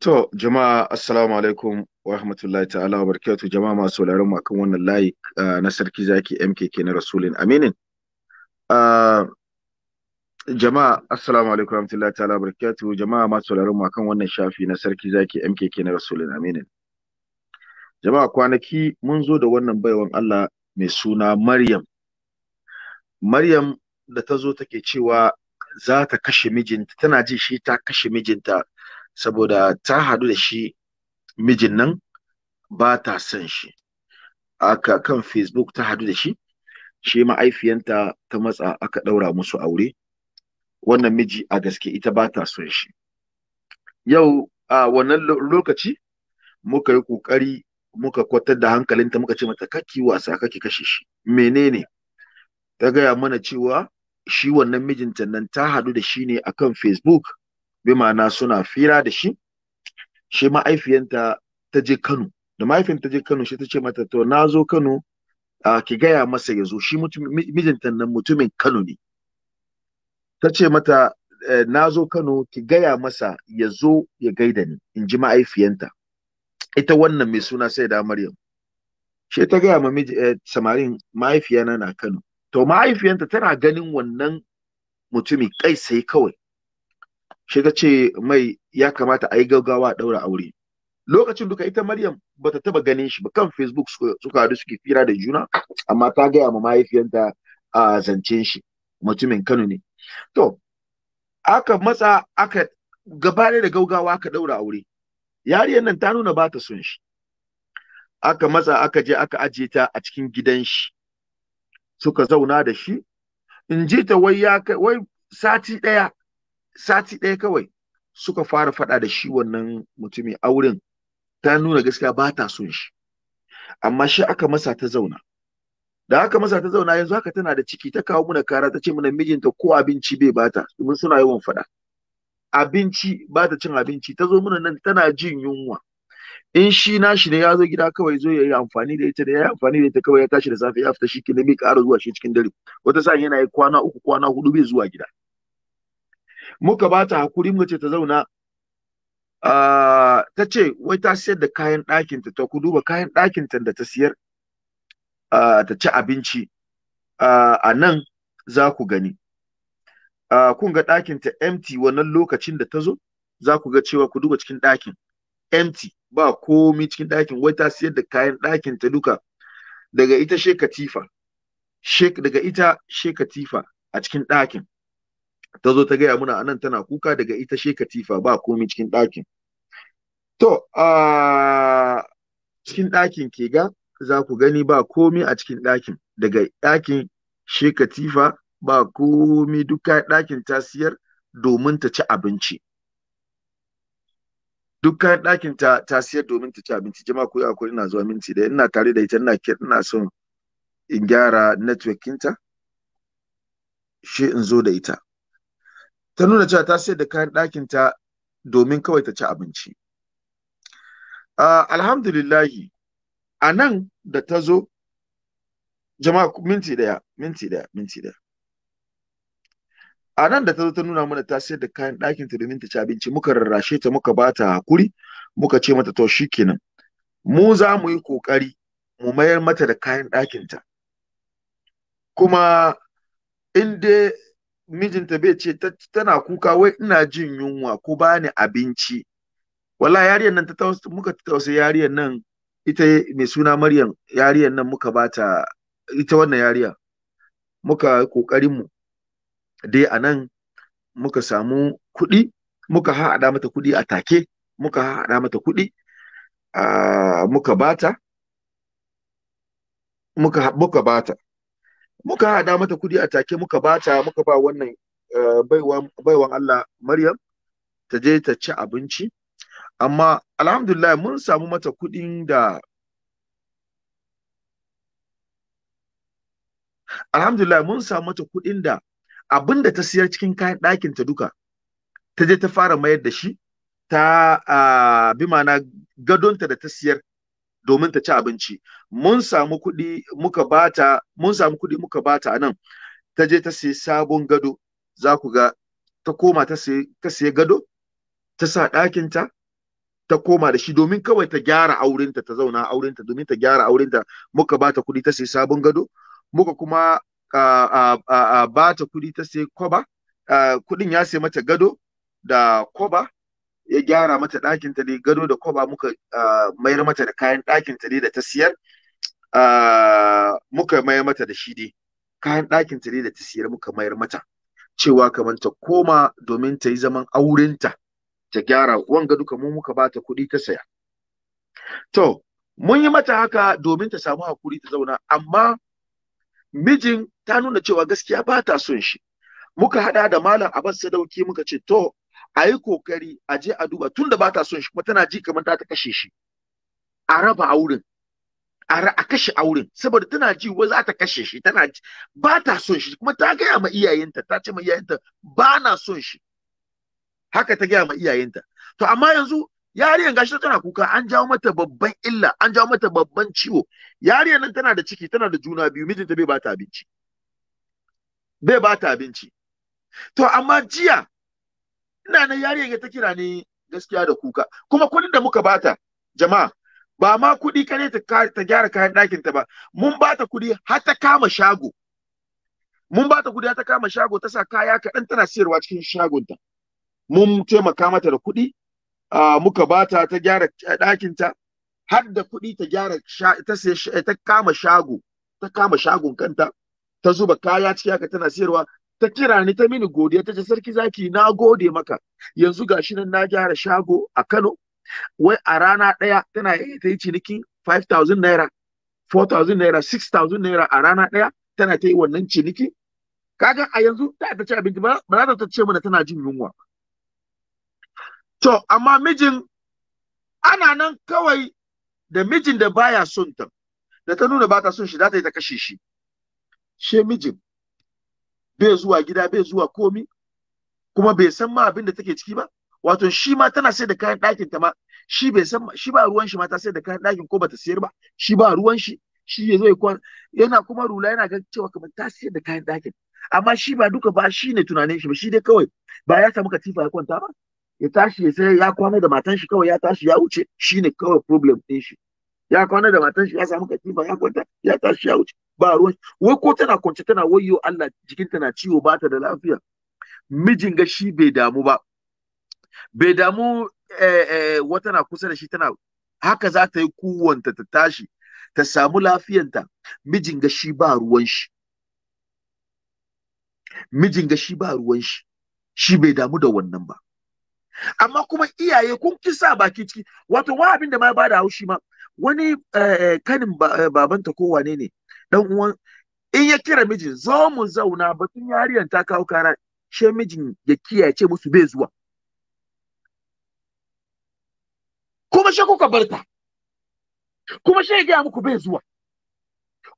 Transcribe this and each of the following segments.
To, jama'a assalamu alaikum wa rahmatullahi ta'ala wa barakatu jama'a masu sauraron mu kan wannan layi na sarki zaki MKK na Rasulin Aminin. Jama'a assalamu alaikum wa rahmatullahi ta'ala wa barakatu jama'a masu sauraron mu kan wannan shafi na sarki zaki MKK na Rasulin Aminin. Jama'a kwanaki mun zo da wannan baiwan Allah mai suna Maryam. Maryam da ta zo take cewa za ta kashe mijinta tana ji shi ta kashe mijinta saboda ta hadu da shi mijin nan ba ta son shi aka kan facebook ta hadu da shi shi ma'aifiyanta ta matsa aka ɗaura musu aure wannan miji a gaske ita ba ta son shi yau a wannan lokaci muka yi ƙoƙari muka kwatar da hankalinta muka ce mata kaki wasa kake kashe shi menene ta gaya mana cewa shi wannan mijinta nan ta hadu da shi ne akan facebook Bimana suna fira da shi shi ma'aifiyanta ta je Kano da ma'aifin ta je Kano shi ta ce mata to na zo Kano a ki gaya masa ya zo shi mijinta nan mutumin Kano ne ta ce mata eh, na zo Kano ki gaya masa ya zo ya gaida ni in ji ma'aifiyanta ita wannan mai suna sai da Maryam shi ta gaya ma eh, samarin mahaifiyana na Kano to mahaifiyanta tana ganin wannan mutumi kai sai kawai shi ta ce mai ya kamata a yi gaggawa a ɗaura aure lokacin duka ita maryam ba ta taba ganin shi ba kan facebook suka haɗu suke fira da juna amma ta gaya ma mahaifiyanta a zancen shi mutumin kano ne to aka matsa aka gabare da gaugawa aka ɗaura aure yariyar nan ta nuna ba ta son shi aka matsa aka je aka ajiye ta a cikin gidan shi suka zauna da shi in ji ta wai ya wai sati ɗaya sati ɗaya kawai suka fara faɗa da shi wannan mutumin auren ta nuna gaskiya ba ta son shi amma shi aka masa ta zauna da aka masa ta zauna yanzu haka tana da ciki ta kawo muna kara ta ce mana mijinta ko abinci bai bata domin suna yawan faɗa abinci ba ta cin abinci ta zo muna nan tana jin yunwa in shi na shi ne ya zo gida kawai zo ya yi amfani da ita da ya yi amfani da ita kawai ya tashi da safe ya fita shi ke bai ƙara zuwa shi cikin dare wata sa yana yi kwana uku kwana hudu bai zuwa gida muka ba ta hakuri muka ce ta zauna ta ce wai ta siyar da kayan ɗakinta ta ku duba kayan ɗakinta da ta siyar ta ci abinci a nan za ku gani kun ga ɗakinta empty wannan lokacin da ta zo za ku ga cewa ku duba cikin ɗakin empty ba komi cikin ɗakin wai ta siyar da kayan ɗakinta duka daga ita shekatifa Shek, daga ita she a cikin ɗakin ta zo ta gaya muna anan tana kuka daga ita she katifa ba komi cikin ɗakin to a cikin ɗakin ke ga za ku gani ba komi a cikin ɗakin daga ɗakin she katifa ba komi duka ɗakin ta siyar domin ta ci abinci dukkan ɗakin ta ta siyar domin ta ci abinci jama'a ku yi ina zuwa minti da ina tare da ita ina ina son in gyara network ta shi in zo da ita ta nuna cewa ta sayar da kayan ɗakinta domin kawai ta ci abinci uh, alhamdulillahi a nan da ta zo jama'a minti daya minti daya minti daya a nan da ta zo ta nuna mana ta sayar da kayan ɗakinta domin ta ci abinci muka rarrashe ta muka ba ta hakuri muka ce mata to kenan. mu za mu yi kokari mu mayar mata da kayan ɗakinta kuma in dai mijinta bai ce tana kuka wai ina jin yunwa ko bani abinci wallahi yariyar nan ta muka tausayi yariyar nan ita mai suna Maryam yariyar nan muka bata ita wannan yariya muka kokarin mu dai anan muka samu kuɗi muka haɗa mata kuɗi a take muka haɗa mata kuɗi ah, muka bata muka muka bata muka hada mata kudi a take muka bata muka ba wannan eh, baiwan Allah Maryam ta je ta ci abinci amma alhamdulillah mun samu mata kudin da alhamdulillah mun samu mata kudin da abin ta siyar cikin kayan ɗakin ta duka ta je ta fara mayar da shi ta ah, bi mana gadonta da ta siyar domin ta ci abinci mun samu kuɗi muka bata mun samu kuɗi muka bata anan ta je ta sayi sabon gado za ku ga ta koma ta sayi gado ta sa ɗakinta ta koma da shi domin kawai ta gyara aurenta ta zauna aurenta domin ta gyara aurenta muka bata kuɗi ta sayi sabon gado muka kuma ba ta kuɗi ta sayi kwaba kuɗin ya sayi mata gado da kwaba ya gyara mata ɗakin ta dai gado da kwaba muka mayar mata da kayan ɗakin ta dai da ta siyar muka mayar mata da shi dai kayan ɗakin ta dai da ta siyar muka mayar mata cewa kamar ta koma domin ta yi zaman aurenta ta gyara wanga duka mu muka ba ta kuɗi ta saya to mun yi mata haka domin ta samu hakuri ta zauna amma mijin ta nuna cewa gaskiya ba ta son shi muka hada da malam abbas sadauki muka ce to a yi kokari a je a duba tunda ba ta son shi kuma tana ji kamar ta kashe shi a raba auren a kashe auren saboda tana ji wa za ta kashe shi tana ba ta son shi kuma ta gaya ma iyayenta ta ce ma iyayenta ba na son shi haka ta gaya ma iyayenta to amma yanzu yariyan gashi tana kuka an jawo mata babban illa an jawo mata babban ciwo yariyan nan tana da ciki tana da juna biyu mijinta bai ba ta abinci bai ba ta abinci to amma jiya ina nan yariyar ya ta kira ni gaskiya da kuka kuma kuɗin da muka bata jama'a ba ma kuɗi kare ta gyara kayan ɗakin ta ba mun bata kuɗi har ta kama shago mun bata kuɗi har ta kama shago ta sa kaya kaɗan tana siyarwa cikin shagonta mun taimaka mata da kuɗi muka bata ta gyara eh, ɗakin ta har da kuɗi ta gyara eh, ta kama shago ta kama shagon kanta ta zuba kaya ciki haka tana siyarwa ta kira ni ta mini godiya ta ce sarki zaki na gode maka yanzu gashi nan na gyara shago a Kano wai a rana ɗaya tana yi ta yi ciniki 5000 naira 4000 naira 6000 naira a rana ɗaya tana ta yi wannan ciniki kaga a yanzu ta ta ci abinci ba za ta ce mana tana jin yunwa to amma mijin ana nan kawai da mijin da baya son ta da ta nuna ba ta son shi za ta yi ta kashe shi she mijin bai zuwa gida bai zuwa komi kuma bai san ma abin da take ciki ba wato shi ma tana sai da kayan ɗakin ta ma shi bai san shi ba ruwan shi ma ta sai da kayan ɗakin ko bata sayar ba shi ba ruwan shi shi ya zai kwana yana kuma rula yana ga cewa kamar ta sayar da kayan ɗakin amma shi ba duka ba shi ne tunanin shi ba shi dai kawai ba ya samu katifa ya kwanta ba ya tashi ya sai ya kwana da matan shi kawai ya tashi ya wuce shi ne kawai problem ɗin shi ya kwana da matan shi ya samu katifa ya kwanta ya tashi ya wuce ba ruwan wai ko tana kwance tana wayyo Allah jikinta na ciwo ba ta da lafiya mijin ga shi bai damu ba bai damu eh, eh, wata na kusa da shi tana haka za ta yi kuwanta ta tashi ta samu lafiyanta mijin ga shi ba ruwan shi mijin ga shi ba ruwan shi shi bai damu da wannan ba amma kuma iyaye kun kisa baki ciki wato wa abin da ma ba da haushi ma wani eh, kanin eh, babanta ko wane ne dan uwan in ya kira mijin zo mu zauna batun yariyan ta kawo kara she mijin ya kiyace musu bai zuwa kuma she kuka barta kuma she ya gaya muku bai zuwa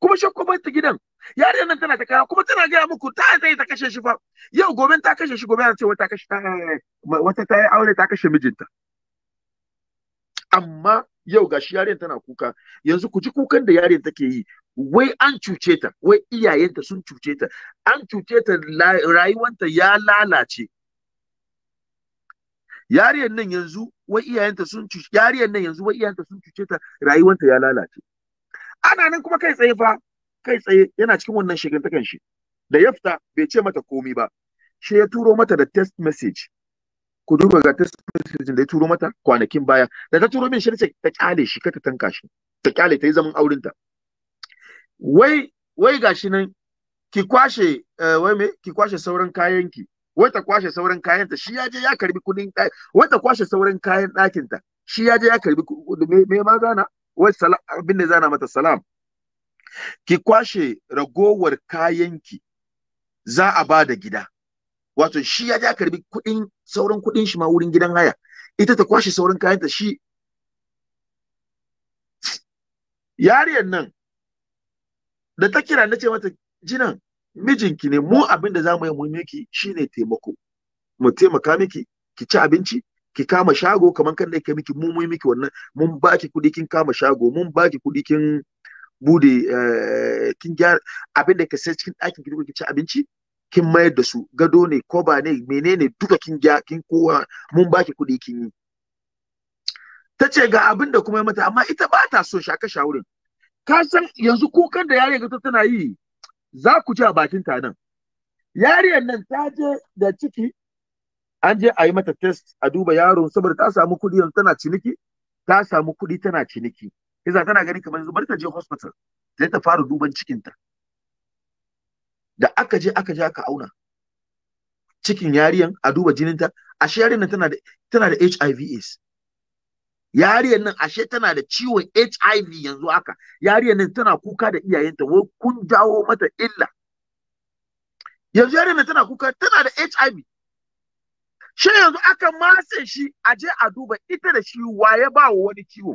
kuma she kuka barta gidan yariyan nan tana ta kawo kuma tana gaya muku ta sai ta kashe shi fa yau gobe ta kashe shi gobe ce wata kashe ta eh, wata ta aure ta kashe mijinta amma yau gashi yaren tana kuka yanzu ku ji kukan da yaren take yi wai an cuce ta wai iyayenta sun cuce ta an cuce ta rayuwanta ya lalace yariyan nan yanzu wai iyayenta sun cuce yariyan nan yanzu wai iyayenta sun cuce ta rayuwanta ya lalace ana nan kuma kai tsaye fa kai tsaye yana cikin wannan ta shi da ya fita bai ce mata komi ba shi ya turo mata da text message ku duba ga ta da ya turo mata kwanakin baya da ta turo min shi ce ta kyale shi ta tanka shi ta kyale ta yi zaman auren ta wai wai gashi nan ki kwashe eh, wai me ki kwashe sauran kayan ki wai ta kwashe sauran kayan ta shi ya je ya karbi kudin wai ta kwashe sauran kayan ɗakin ta shi ya je ya karbi me me ma zana wai abin da zana mata salam ki kwashe ragowar kayan ki za a ba da gida wato shi ya ja karbi kuɗin sauran kuɗin shi ma wurin gidan haya ita ta kwashe sauran kayanta shi yariyan nan da ta kira na ce mata jinan mijinki ne mu abin da za mu yi mu miki shine taimako mu taimaka miki ki ci abinci ki kama shago kamar kan da yake miki mu mun miki wannan mun baki kuɗi kin kama shago mun baki kuɗi kin bude eh, kin gyara abin da ka sai cikin ɗakin ki ki ci abinci kin mayar da su gado ne ba ne menene duka kin giya kin kowa mun baki kuɗi kin yi ta ce ga abin da kuma mata amma ita ba ta so shaka shawurin ka san yanzu kukan da yarinyar ta tana yi za ku ji a bakin ta nan yariyar nan ta je da ciki an je a yi mata test a duba yaron saboda ta samu kuɗi yanzu tana ciniki ta samu kuɗi tana ciniki Iza tana gani kamar yanzu bari ta je hospital sai ta fara duban cikinta. ta da aka je aka je aka auna cikin yariyan a duba jininta ashe yariyan tana da tana da HIV AIDS yariyan nan ashe tana da ciwon HIV yanzu haka yariyan nan tana kuka da iyayenta wai kun jawo mata illa yanzu yariyan nan tana kuka tana da HIV shi yanzu aka matse shi a je a duba ita da shi waye ba wani ciwo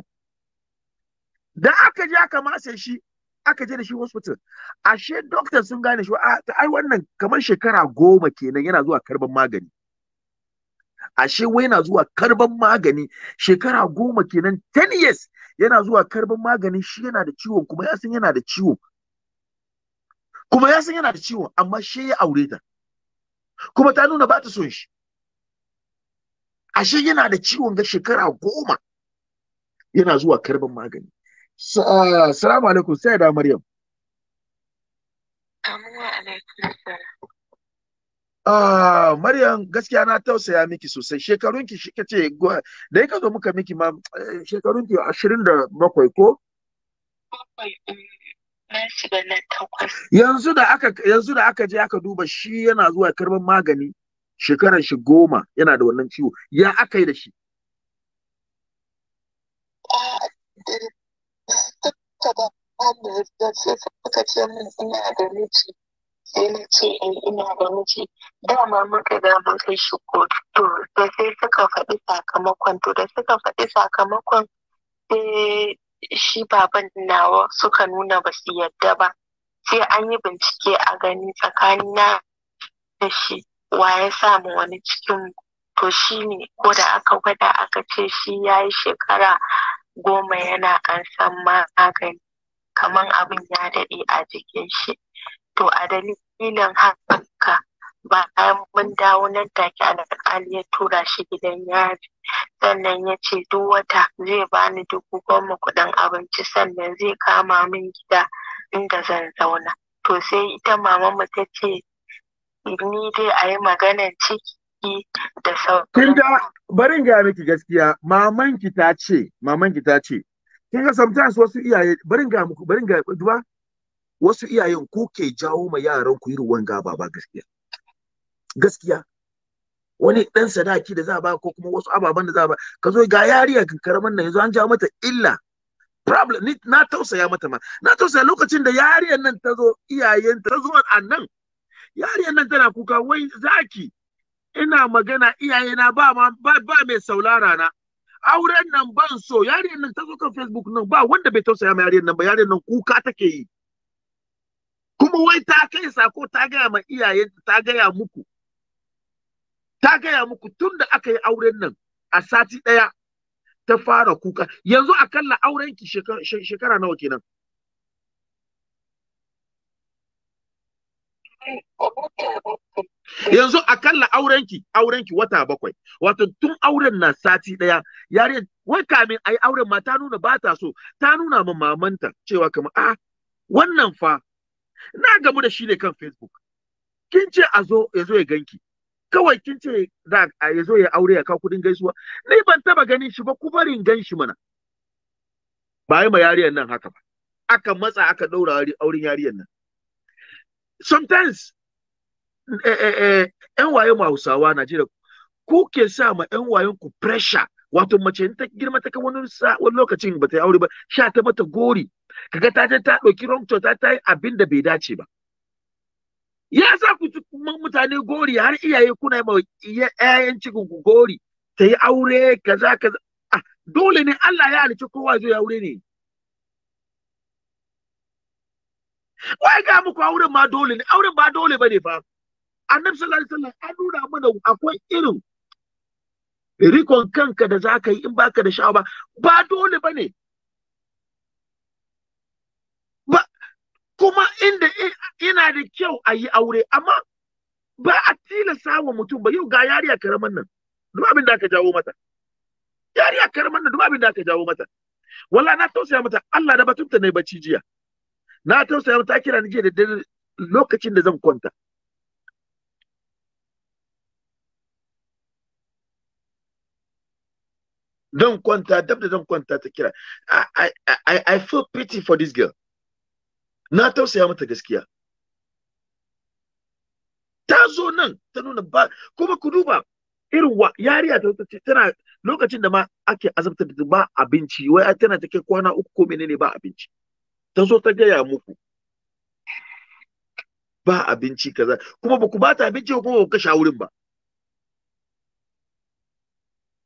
da aka je aka matse shi aka je da shi hospital ashe doctor sun gane shi ah, a ai wannan kamar shekara goma kenan yana zuwa karban magani ashe wai yana zuwa karban magani shekara goma kenan 10 years yana zuwa karban magani shi yana da ciwon kuma ya san yana da ciwon kuma ya san yana da ciwo amma shi ya aure ta kuma ta nuna ba ta son shi ashe yana da ciwon ga shekara goma yana zuwa karban magani Ah, salamu alaikum sai da Maryam. Ah, Maryam gaskiya na tausaya miki sosai shekarunki shi kace da yake zo muka miki ma eh, shekarunki 27 ko? Eh, yanzu da aka yanzu da aka je aka duba shi yana zuwa karban magani shekaran shi goma yana da wannan ciwo ya aka yi da shi? Ah, ta ba da sai suka ce min ina da miji sai na ce in eh, ina da miji dama muka da mun kai shi kotu to da sai suka faɗi sakamakon to da suka faɗi sakamakon sai shi baban nawa suka nuna ba su yadda ba sai an yi bincike a gani tsakanina da shi wa ya samu wani cikin to shi ne ko da aka gwada aka ce shi ya yi shekara goma yana san magani kaman abin ya daɗe a jikin shi to a dalilin haka bayan mun dawo nan take alƙali ya tura shi gidan yari sannan ya ce duk wata zai bani dubu goma kuɗin abinci sannan zai kama min gida inda zan zauna to sai ita mama mu ta ce ni dai a yi maganan ciki da sauran. barin ga miki gaskiya maman ki ta ce maman ki ta ce kin ga sometimes wasu iyaye barin ga muku barin ga duba wasu iyayen ko ke jawo ma yaran ku irin wanga baba gaskiya gaskiya wani dan sadaki da za ba ko kuma wasu ababen da za ba ka zo ga yariya karaman nan yanzu an jawo mata illa problem ni na tausaya mata ma na tausaya lokacin da yariyan nan ta zo iyayen ta zo a nan yariyan nan tana kuka wai zaki ina magana iyayena ba ma ba, ba mai saulara na auren nan ban so Yarin nan ta zo kan facebook nan ba wanda bai tausaya ma yarin nan ba Yarin nan kuka take yi kuma wai ta kai sako ta gaya ma iyayen ta gaya muku ta gaya muku tun da aka yi auren nan a sati ɗaya ta fara kuka yanzu akalla auren ki shekara nawa kenan yanzu akalla aurenki aurenki wata bakwai wato tun auren na sati daya yare wai kamin ai auren ma ta nuna ba ta so ta nuna ma mamanta cewa kamar a ah, wannan fa na gamu da shi ne kan facebook kin ce a zo ya zo ya ganki kawai kin ce da ya zo ya aure ya kawo kudin gaisuwa ni ban taba ganin shi ba ku barin ganshi mana ba yi ma yariyar nan haka ba aka matsa aka ɗaura auren yariyar nan sometimes yan waye ma hausawa najeriya ko ke sa ma yan wayen ku pressure wato mace ta girma ta kai wani lokacin ba ta yi aure ba sha ta mata gori kaga ta ta ɗauki wrong ta ta yi abin da bai dace ba ya sa ku mutane gori har iyaye kuna yi ma ƴaƴan cikin ku gori ta yi aure kaza kaza ah, dole ne Allah ya halicci kowa ya aure ne wai ga muku auren ma dole ne auren ba dole ba ne fa annabi sallallahu alaihi wasallam an nuna mana akwai irin rikon kanka da za ka yi in baka da sha'awa ba dole ba ne ba kuma inda ina da kyau a yi aure amma ba a tilasa wa mutum ba yau ga yariya karaman nan duk abin da aka jawo mata yariya karaman nan duk abin da aka jawo mata Wala na tausaya mata Allah da batunta ne bacci jiya na tausaya ta kira ni jiya da dare lokacin da zan kwanta zan kwanta dab da zan kwanta ta kira I, I, I feel pity for this girl na tausaya mata gaskiya ta zo nan ta nuna ba kuma ku duba irin wa yariya ta ce tana lokacin da ma ake azabtar da ba abinci wai tana ta kwana uku ko menene ba abinci ta zo ta gaya muku ba abinci kaza kuma ba ku bata abinci kuma ba ku kashe wurin ba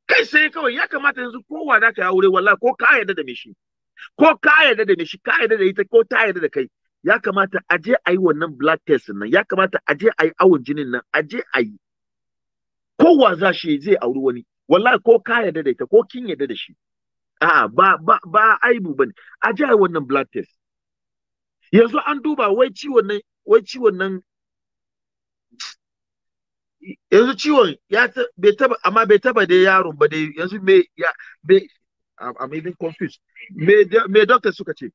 kai sai kawai ya kamata yanzu kowa za ka yi aure wallahi ko ka yarda da mishi ko ka yarda da mishi ka yarda da ita ko ta yarda da kai ya kamata a je a yi wannan blood test nan ya kamata a je a yi awon jinin nan a je a yi kowa za shi zai auri wani wallahi ko ka yarda da ita ko kin yarda da shi a'a ba ba ba aibu bane a je a yi wannan blood test yanzu an duba wai ciwon nan wai ciwon nan yanzu ciwon ya bai taba amma bai taba dai yaron ba dai yanzu me ya be I'm even confused me me doctor suka ce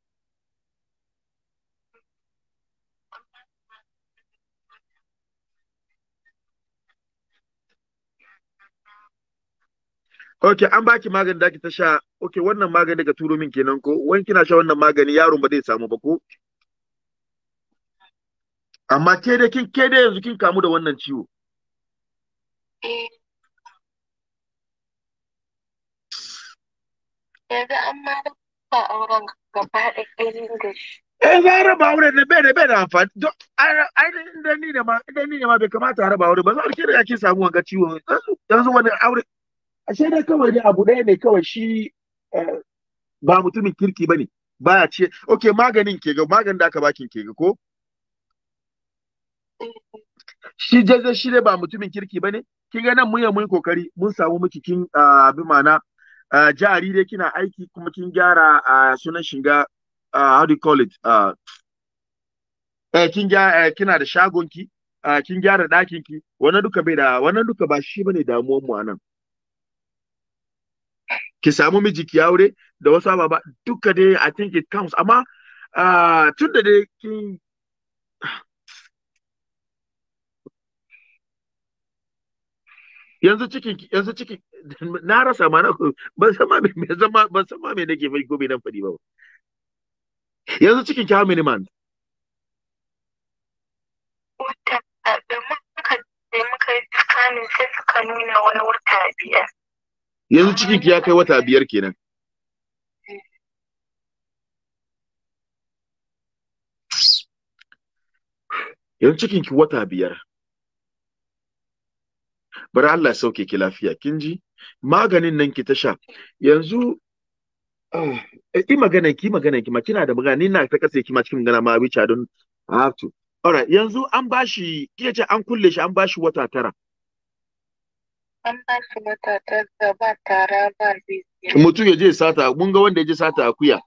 Ok, an baki magani da ake ta sha, ok, wannan magani daga turo min kenan ko, wani kina sha wannan magani yaron ba zai samu ba ko? amma ke dai kin ke dai yanzu kin kamu da wannan ciwo eh, yanzu an ma ba auren gaba da ƙirin da shi eh za raba auren da bai da bai da amfani don ai da inda ni ma inda ni ma bai kamata a raba aure ba za kira ya kin samu wanga ciwon yanzu wani aure ashe dai kawai ne abu ɗaya ne kawai shi eh, ba mutumin kirki bane baya ce okay maganin ke ga maganin da aka bakin ke ga ko shi jaza shi ne ba mutumin kirki ba ne kin ga nan mun yi mun kokari mun samu miki kin abin mana jari dai kina aiki kuma kin gyara sunan shiga how do you call it eh, kin eh, kina da shagon ki kin gyara ɗakin ki wannan duka bai da wannan duka ba shi bane damuwar mu anan ki samu miji ki aure da wasu ababa duka dai I think it counts, amma tun da dai kin yanzu cikin yanzu cikin na rasa ma na ban san ma me zama ban san ma me nake faɗi ko me nan faɗi ba yanzu cikin ki how man. months wata da muka da muka samun sai suka nuna wani wata biyar yanzu cikin ki ya kai wata biyar kenan yanzu cikin ki wata biyar bari Allah ya sauke ki lafiya kin ji maganin nan ki ta sha yanzu ah, eh, i magana ki magana ki ma kina da magana ni na ta kasa ki ma cikin magana ma wuce don have to alright yanzu an bashi kike ce an kulle shi an bashi wata tara an bashi wata tara ba tara ba mutum ya je sata mun ga wanda ya je sata akuya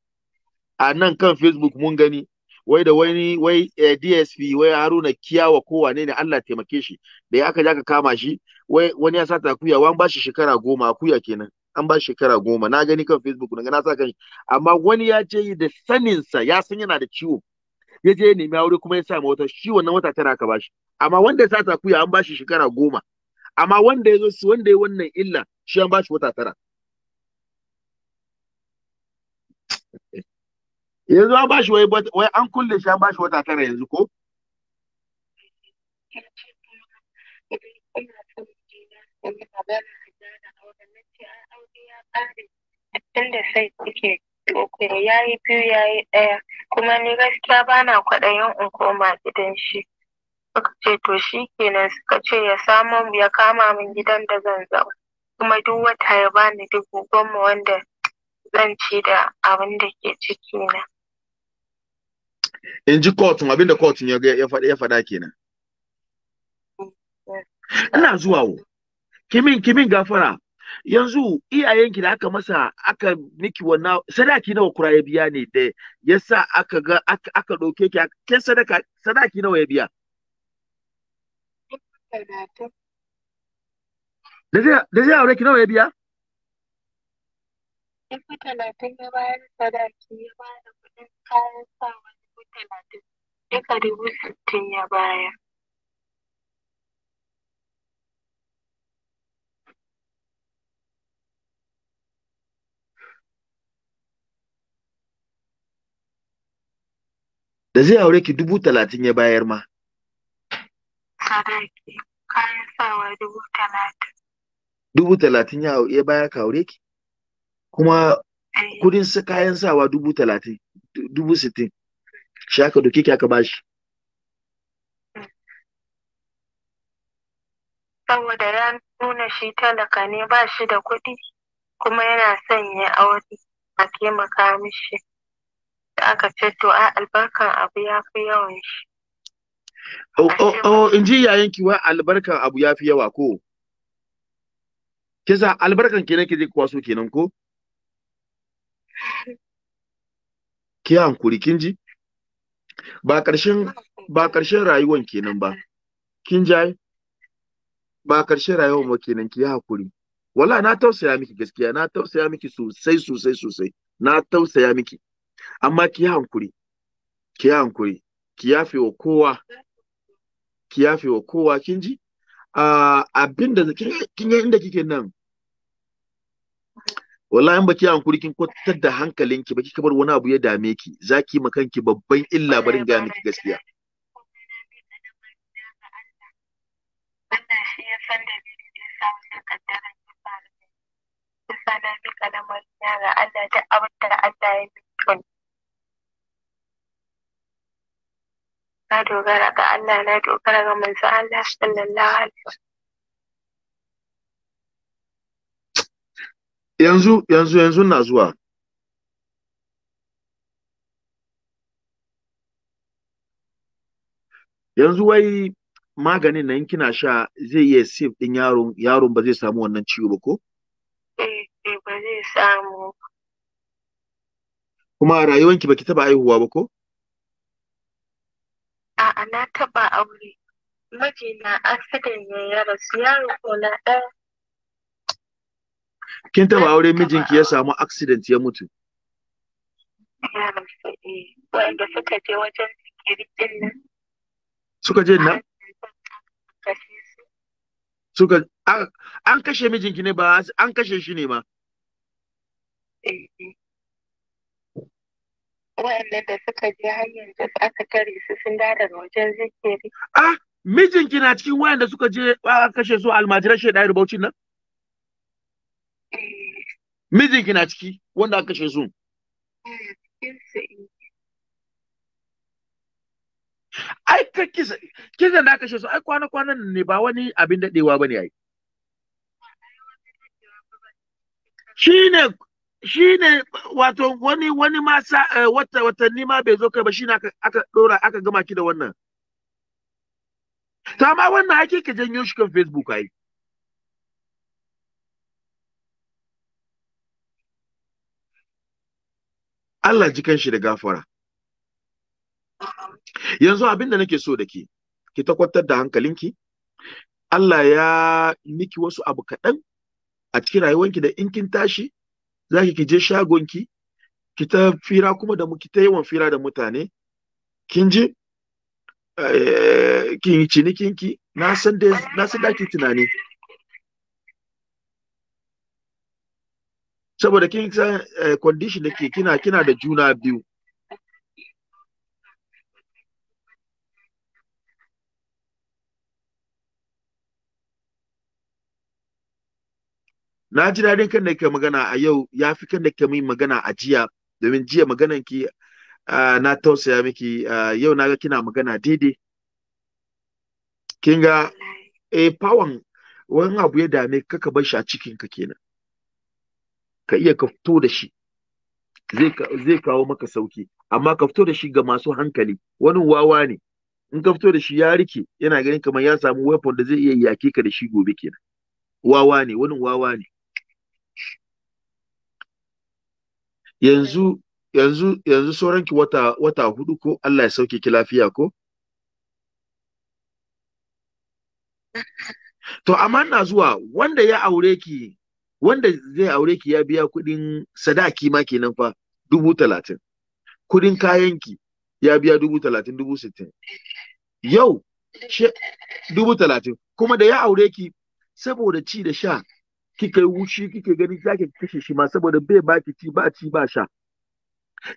a nan kan facebook mun gani wai da wani wai eh, DSP wai Haruna Kiyawa ko wane ne Allah taimake shi da ya aka ka kama shi wai wani ya sata akuya wani ba shi shekara goma akuya kenan an ba shekara goma na gani kan Facebook na na sa kan amma wani ya je da sanin saninsa ya san yana da ciwo ya je nemi aure kuma ya sa wata shi wannan wata tara aka bashi amma wanda ya sata akuya an ba shi shekara goma amma wanda ya zo su wanda ya wannan illa shi an ba shi wata tara yanzu an bashi wai wai an kulle shi an bashi wata tara yanzu ko tunda sai kuke uku ya yi biyu ya yi ɗaya kuma ni gaskiya ba na kwaɗayin in koma gidan shi suka ce to shi kenan suka ce ya samo ya kama min gidan da zan zauna kuma duk wata ya bani dubu goma wanda zan ci da abin da ke ciki na in ji kotun abinda kotun ya ya faɗa ya faɗa kenan ina zuwa wo kimin kimin gafara yanzu iyayenki da aka masa aka miki wannan sadaki nawa kura ya biya ne da yasa aka ga aka ɗauke ki ke sadaka sadaki nawa ya biya da zai aure ki nawa ya biya dubu talatin ya bayar sadaki ya bada kuɗin kayan sawa talatin sittin ya Da zai aure ki dubu talatin ya bayar ma. Sadaki, kayan sawa dubu talatin. Dubu talatin ya bayar ka aure ki? Kuma eh. kudin kayan sawa dubu talatin, dubu sittin. shi aka doke ki aka bashi saboda ya nuna shi talaka ne ba shi da kuɗi kuma yana son ya aure a taimaka mishi da aka ce to a albarkan abu ya fi yawan shi Oh, oh, oh in ji yayin ki wa albarkan abu ya fi yawa ko? Kisa albarkan kenan ki je so kenan ko? Ki hankuri kin ji? ba ƙarshen ba ƙarshen rayuwan kenan ba kin jaye ba ƙarshen rayuwan ba kenan ki hakuri wala na tausaya miki gaskiya na tausaya miki sosai sosai sosai na tausaya miki amma ki hankuri ki hankuri ki yafe wa kowa ki yafe wa kowa kin ji ah, abin abinda kin inda kike nan wallahi in baki hankuri kin kwantar da hankalinki baki kabar wani abu ya dame ki zaki ma kanki babban illa barin ga miki gaskiya ya da na Allah na dogara ga Allah na dogara ga manzo Allah sallallahu alaihi wasallam yanzu yanzu yanzu na zuwa yanzu wai maganin nan kina sha zai iya safe din yaron yaron ba zai samu wannan ciwo ba ko eh, eh ba zai samu kuma rayuwanki baki taba aihuwa ba ko a'a na taba aure mijina accident ne ya rasu yaro ko na ɗaya kin taba aure mijinki ya samu accident ya mutu wanda suka je wajen sikiri nan suka je nan suka an kashe mijinki ne ba an kashe shi ne ma eh. waɗannan da suka je hanyar da aka kare su sun dada wajen zikiri. Ah, mijinki na cikin waɗanda suka je aka kashe su almajiran shaidari baucin nan? mijin na ciki wanda aka kashe su ai ka kisa kisa da aka kashe su ai kwana kwanan ne ba wani abin dadewa bane ai shine shine wato wani wani ma sa eh, wata watanni ma bai zo kai ba shine aka aka dora aka gama ki da wannan Ta ma wannan ake ka janyo shi kan Facebook ai Allah ji kanshi da gafara yanzu abin da nake so da ke ki takwatar da hankalinki Allah ya miki wasu abu kaɗan a cikin rayuwanki da in kin tashi za ki je shagonki ki ta fira kuma da ki ta yawan fira da mutane kin ji eh, kin yi cinikinki na san da ki tunani saboda kin san eh, condition da ke kina kina da juna biyu na ji daɗin kan da ke magana a yau ya fi kan da ke min magana a jiya domin jiya maganan ki na tausaya miki yau na ga kina magana daidai kin ga eh pawan wani abu ya dame kaka bar shi a cikin ka kenan ka iya ka da shi zai kawo maka sauki amma ka fito da shi ga masu hankali wani wawa ne in ka da shi ya rike yana ganin kamar ya samu weapon da zai iya yake ka da shi gobe kenan wawa ne wani wawa ne yanzu yanzu yanzu sauranki wata wata hudu ko Allah ya sauke ki lafiya ko to amma na zuwa wanda ya aure ki wanda zai aure ki ya biya kuɗin sadaki ma kenan fa dubu talatin kuɗin kayanki ya biya dubu talatin dubu sittin yau dubu talatin kuma da ya aure ki saboda ci da sha kika yi wushi kike gani zaki kashe shi ma saboda bai baki ci ba ci ba sha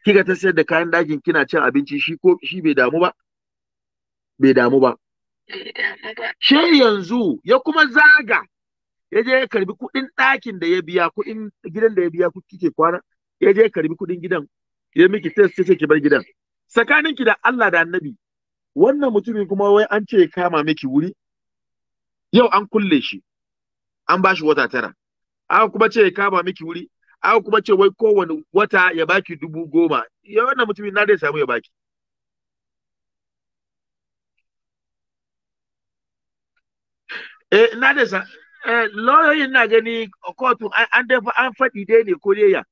kika ta sayar da kayan ɗakin kina cin abinci shi ko shi bai damu ba bai damu ba she yanzu ya kuma zaga ya je ya karbi kuɗin ɗakin da ya biya kuɗin gidan da ya biya kike kwana ya je ya karbi kuɗin gidan ya miki test ce ki bar gidan tsakaninki da Allah da Annabi wannan mutumin kuma wai an ce ya kama miki wuri yau an kulle shi an ba shi wata tara aka kuma ce ya kama miki wuri aka kuma ce wai kowane wata ya baki dubu goma ya wannan mutumin na dai samu ya baki eh na dai sa Eh, lawyoyin na gani kotun an dafa an faɗi dai ne ko ya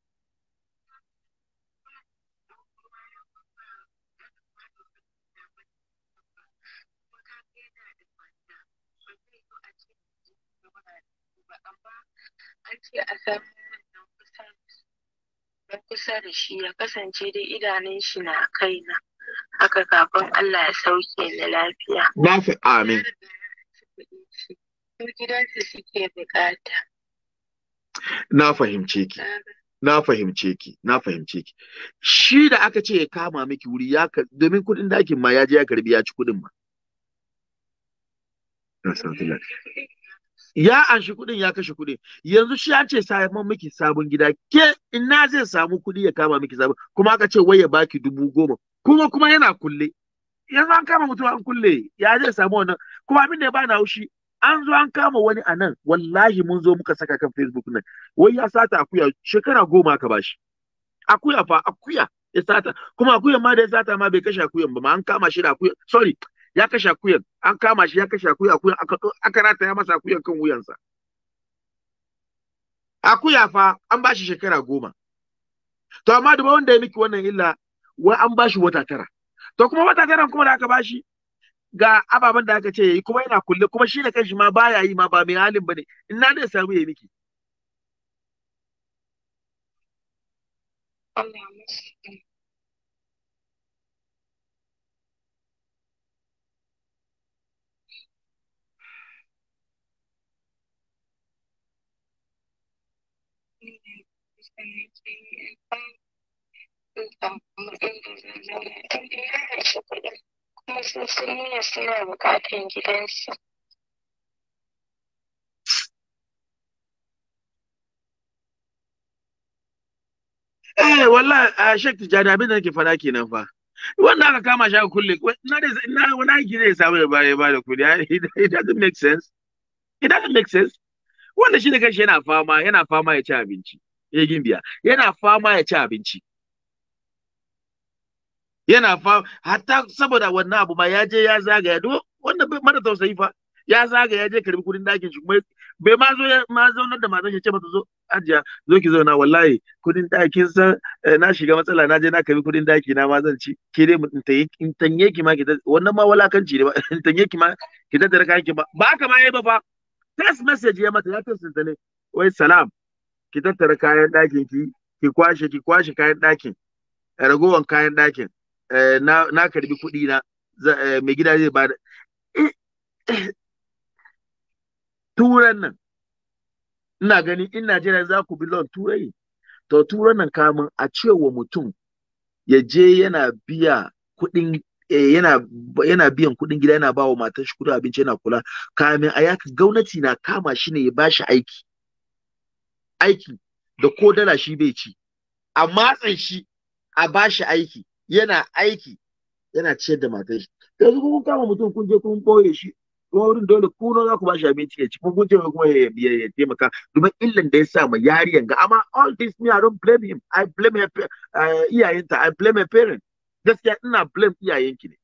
ce a kusa da shi ya kasance dai idanun shi na kaina haka kafin Allah ya sauke ni lafiya. Na fi amin. gidansu suke bukata. Na fahimce ki. Na fahimce ki, na fahimce ki. Shi da aka ce ya kama miki wuri ya domin kuɗin dakin ma ya je ya karbi ya ci kuɗin ma. Ya anshi kuɗin ya kashe kuɗin. Yanzu shi an ce samun miki sabon gida. Ke ina zai samu kuɗi ya kama miki sabon kuma aka ce wai ya baki dubu goma. Kuma kuma yana kulle. Yanzu an kama mutum an kulle ya zai samu wannan. Kuma abin da ya bani haushi an zo an kama wani a nan wallahi mun zo muka saka kan facebook nan wai ya sata akuya shekara goma ka bashi akuya fa akuya ya sata kuma akuyan ma da ya sata ma bai kashe akuyan ba ma an kama shi da akuyan sorry ya kashe akuyan an kama shi ya kashe akuyan akuyan aka rata ya masa akuyan kan wuyansa akuya fa an bashi shekara goma to amma duba wanda ya miki wannan illa wai an bashi wata tara to kuma wata tara kuma da aka bashi ga ababen da aka ce yayi kuma yana kulle kuma shi da kanshi ma baya yi ma ba mai halin bane in na da samu yayi miki Thank you. su sun suna bukatan gidansu Eh, wallah, a abin da nake fara kenan fa. Wanda aka kama shi aka kulle, na da na wani aiki zai samu ba da kuɗi. It doesn't make sense. It doesn't make sense. Wanda shi da kanshi yana fama, yana fama ya ci abinci. Ya gimbiya, yana fama ya ci abinci. yana fa hatta saboda wannan abu ma ya je ya zagaya duk wanda mara tausayi fa ya zagaya ya je karbi kudin dakin shi kuma bai ma zo ma zaunar da matan shi ce mata zo ajiya zo ki zauna wallahi kudin dakin sa eh, na shiga matsala na je na karbi kudin daki na ma zan ci ke dai in tayi in tanye ki ma ki wannan ma walakanci ne ba in tanye ki ma ki da dare ki ba ba ka ma yayi ba fa text message ya mata ya text ta ne wai salam ki tattara kayan dakin ki ki kwashe ki kwashe kayan dakin ragowan kayan dakin Eh, na karbi kuɗi na eh, mai gida zai bada turan nan ina gani in Najeriya za ku bi lon turai to turan nan kamun a cewa mutum ya je yana biya kuɗin eh, yana biyan kuɗin gida yana ba wa matar shi kuɗin abinci yana kula kamin a yaka gwamnati na kama shi ne ya ba shi aiki aiki da ko dala shi bai ci a matsan shi a ba shi aiki yana aiki yana ciyar da matar shi yanzu kun kama mutum kun je kun boye shi kuma wurin dole kuno za ku ba shi abinci ya ci kun kun ce kuma ya taimaka domin illan da ya sa ma yariyan ga amma all this me I don't blame him I blame her eh, iyayenta I blame her parents gaskiya ina blame iyayenki ne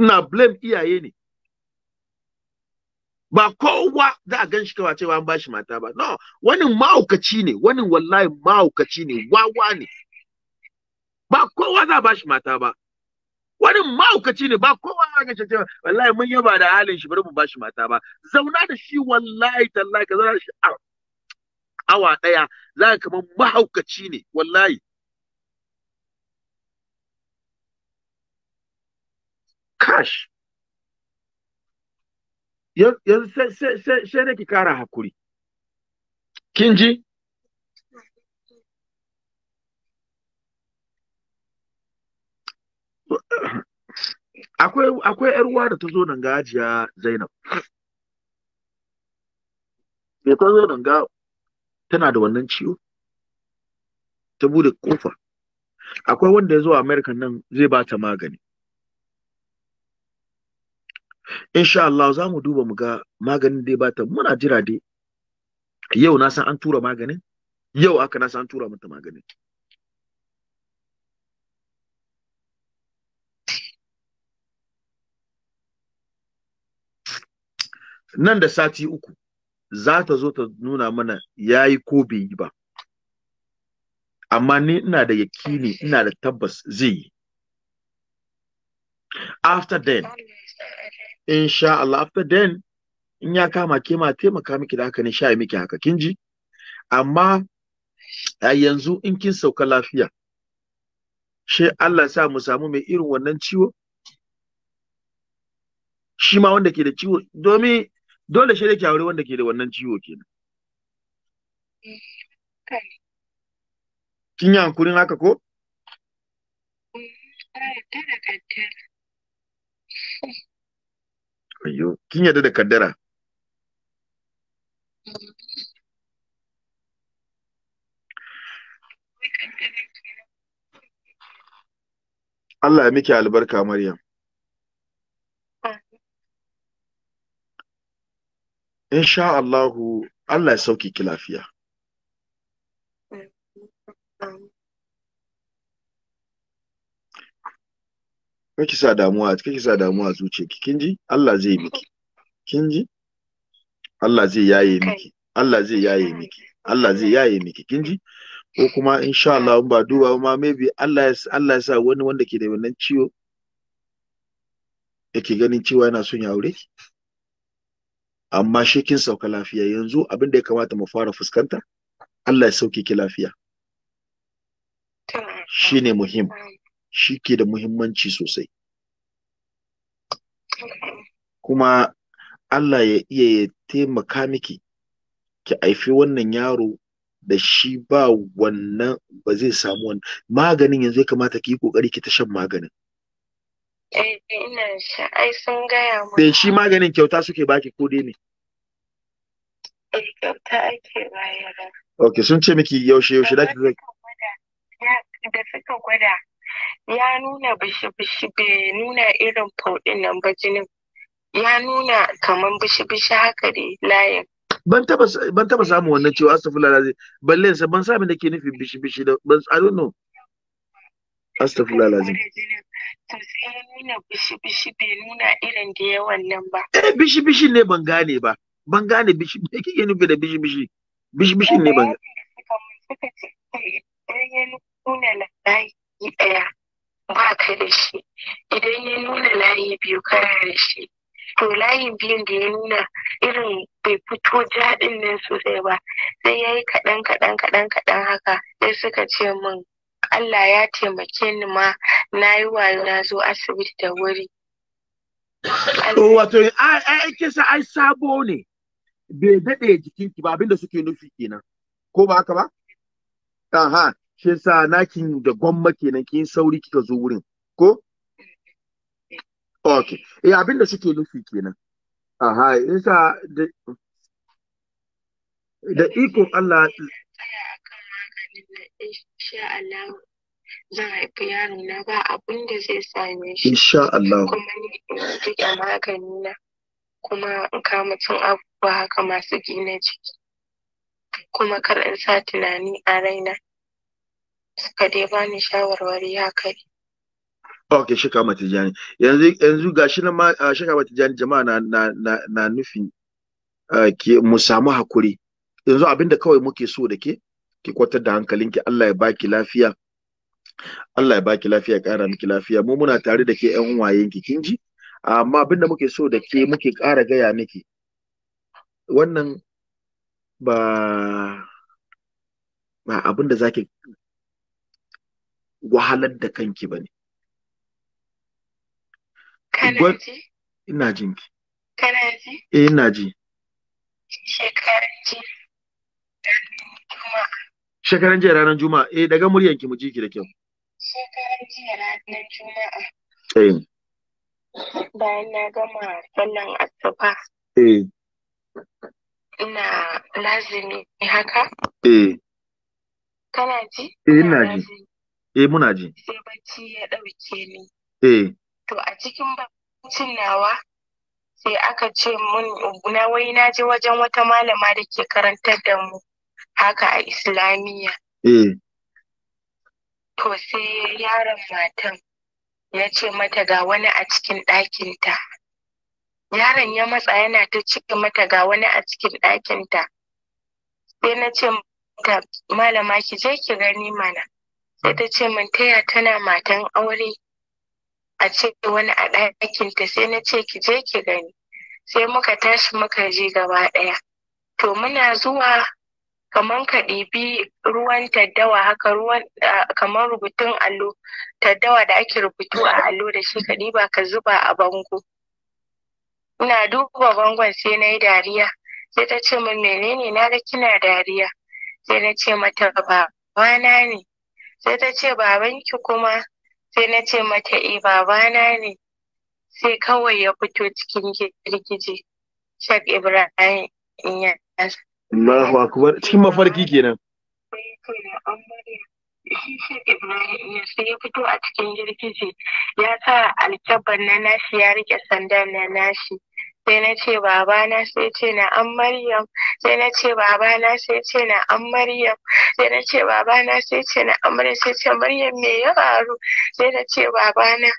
ina blame iyaye ne ba kowa za a gan shi kawai cewa an bashi mata ba no wani ma'aukaci ne wani wallahi ma'aukaci ne wawa ne ba kowa za ba shi mata ba wani ma'aukaci ne ba kowa za ka cewa wallahi mun yaba da halin shi bari mu ba shi mata ba zauna da shi wallahi tallahi ka zauna da shi awa daya. za ka kamar mahaukaci ne wallahi kash yanzu sai ki kara hakuri kin ji akwai akwai yar uwa da ta zo nan ga Hajiya Zainab Me ta zo nan ga tana da wannan ciwo ta bude kofa akwai wanda ya zo Amerika nan zai ba ta magani insha Allah za mu duba mu ga maganin da ya bata muna jira dai yau na san an tura maganin yau aka na san an tura mata maganin nan da sati uku za ta zo ta nuna mana ya yi ko bai yi ba amma ni ina da yakini ina da tabbas zai yi after then insha Allah after then in ya kama ke ma taimaka miki da haka ne sha miki haka kin ji amma a yanzu in kin sauka lafiya shi Allah sa mu samu mai irin wannan ciwo shi ma wanda ke da ciwo domin dole shi ke aure wanda ke da wannan ciwo kenan kin yi hankurin haka ko Ayyo, kin yarda da kaddara. Allah ya miki albarka Maryam. sha Allahu Allah ya sauke ki lafiya kake sa damuwa kake sa damuwa zuciya ki kin ji Allah zai miki kin ji Allah zai yaye miki Allah zai yaye miki Allah zai yaye miki kin ji ko kuma insha Allah ba duba ma maybe Allah ya Allah ya sa wani wanda ke da wannan ciwo yake ganin cewa yana son ya aure ki amma shi kin sauka lafiya yanzu abin da ya kamata mu fara fuskanta Allah ya sauke ki lafiya shi ne muhim shi ke da muhimmanci sosai kuma Allah ya iya ya taimaka miki ki haifi wannan yaro da shi ba wannan ba zai samu wannan maganin yanzu ya kamata ki yi kokari ki ta shan maganin Eh ina sha ai sun gaya mu. Sai shi maganin kyauta suke baki ko dai ne? Eh kyauta ake bayarwa. Okay sun ce miki yaushe yaushe da kike da suka gwada ya nuna bishi bishi bai nuna irin faudin nan ba jinin ya nuna kaman bishi bishi haka dai layin ban taba ban taba samu wannan cewa astaghfirullah lazim balle sa ban sami da ke nufin bishi bishi da ban I don't know astaghfirullah lazim to sai ya nuna bishi-bishi bai nuna irin da yawan nan ba. Eh bishi-bishi ne ban gane ba. Ban gane bishi me kike nufi da bishi-bishi? Bishi-bishi ne ban gane. Suka ce idan ya nuna layi ɗaya ba ka da shi. Idan ya nuna layi biyu kana da shi. To layi biyun da ya nuna irin bai fito jaɗin nan sosai ba. Sai ya yi kaɗan kaɗan kaɗan kaɗan haka. Sai suka ce min Allah ya taimake ni ma na yi wayo na zo asibiti da wuri. Wato, ai kisa ai sabo ne, bai daɗe jikinki ba abinda suke nufi kenan, ko ba haka ba? Aha, shi sa nakin da gwamma kenan kin sauri kika zo wurin, ko? Ok, eh abinda suke nufi kenan. Aha, isa da da ikon Allah insha Allah zan haifi yaro na ba abin da zai same shi insha Allah kuma ni rike magani na kuma in kama cin abubuwa haka masu gina jiki kuma kar in sa tunani a raina suka dai ba ni shawarwari ya kai Ok, shaka matijani. Yanzu yanzu gashi na ma shaka matijani jama'a na na na, na nufi uh, ke mu samu hakuri. Yanzu abinda kawai muke so da ke ki kwatar da hankalinki Allah ya baki lafiya Allah ya baki lafiya ya ƙara miki lafiya mu muna tare da ke ƴan wayenki kin ji amma abinda muke so da ke muke ƙara gaya miki wannan ba ba abin da zaki wahalar da kanki ba ne kana ina jinki kana ji eh ina ji shekaran ji shekaran jiya ranar juma'a eh daga muryan ki mu ji ki da kyau shekaran jiya ranar juma'a eh bayan na gama sallan asuba eh ina lazimi haka eh kana ji eh ina ji eh muna ji sai bacci ya dauke ni eh to a cikin baccin nawa sai aka ce mun na wai na je wajen wata malama da ke karantar da mu haka a islamiyya eh. to sai yaron matan ya ce mata ga wani a cikin ɗakinta yaron ya matsa yana ta cike mata ga wani a cikin ɗakinta sai na ce mata malama ki je ki gani mana sai ta ce min taya tana matan aure a ce wani a ɗakinta sai na ce ki je ki gani sai muka tashi muka je gaba ɗaya to muna zuwa kaman ka ɗibi ruwan taddawa haka ruwan ah, kaman rubutun allo taddawa da ake rubutu a allo da shi ka ɗiba ka zuba a bango ina duba bangon sai nayi dariya sai ta ce min menene na ga kina dariya sai na ce mata babana ne sai ta ce babanki kuma sai na ce mata e eh, babana ne sai kawai ya fito cikin girgije shak ibrahim in Allahu akbar cikin mafarki kenan shi Ibrahim ya sai ya fito a cikin girgije ya sa alkyabban na nashi ya rike sandan na nashi sai na ce babana sai ce na an maryam sai na ce babana sai ce na an maryam sai na ce babana sai ce na an maryam sai ce maryam me ya faru sai na ce babana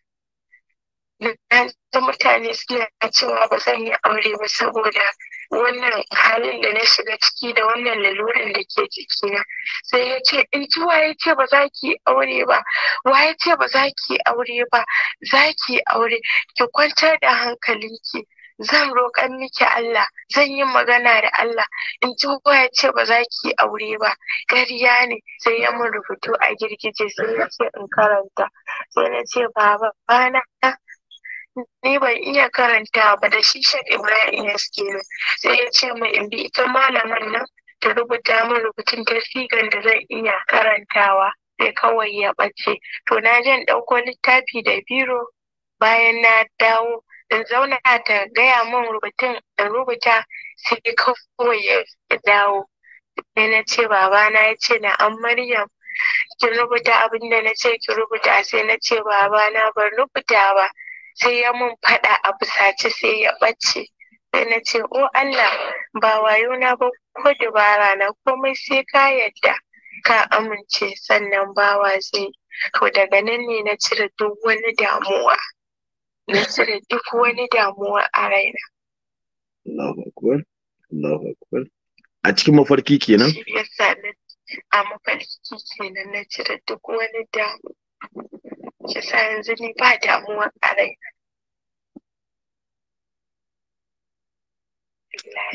da mutane suna cewa ba zan yi aure ba saboda wannan halin da na shiga ciki da wannan laluran da ke jikina sai ya ce in ji ya ce ba za ki aure ba ya ce ba za ki aure ba za ki aure ki kwantar da hankalinki zan roƙan miki Allah zan yi magana da Allah in ji ya ce ba za ki aure ba ƙarya ne sai ya mun rubutu a girgije sai ya ce in karanta sai na ce baba bana ni ban iya karanta ba da shi shek ibrahim ya suke sai ya ce mu in bi ita malamin nan ta rubuta min rubutun tasirin da zan iya karantawa sai kawai ya ɓace to na jan ɗauko littafi da biro bayan na dawo in zauna ta gaya mun rubutun in rubuta sai kawai ya dawo sai na ce babana ya ce na an maryam ki rubuta abinda da na ce ki rubuta sai na ce babana ban rubuta ba sai ya mun faɗa a fusace sai ya ɓace sai na ce o Allah ba wayo na ba ko dubara na komai sai ka yadda ka amince sannan bawa zai to daga nan ne na cire duk wani damuwa na cire duk wani damuwa a raina a cikin mafarki kenan a mafarki kenan na cire duk wani damuwa shi sa yanzu ni ba damuwa a rai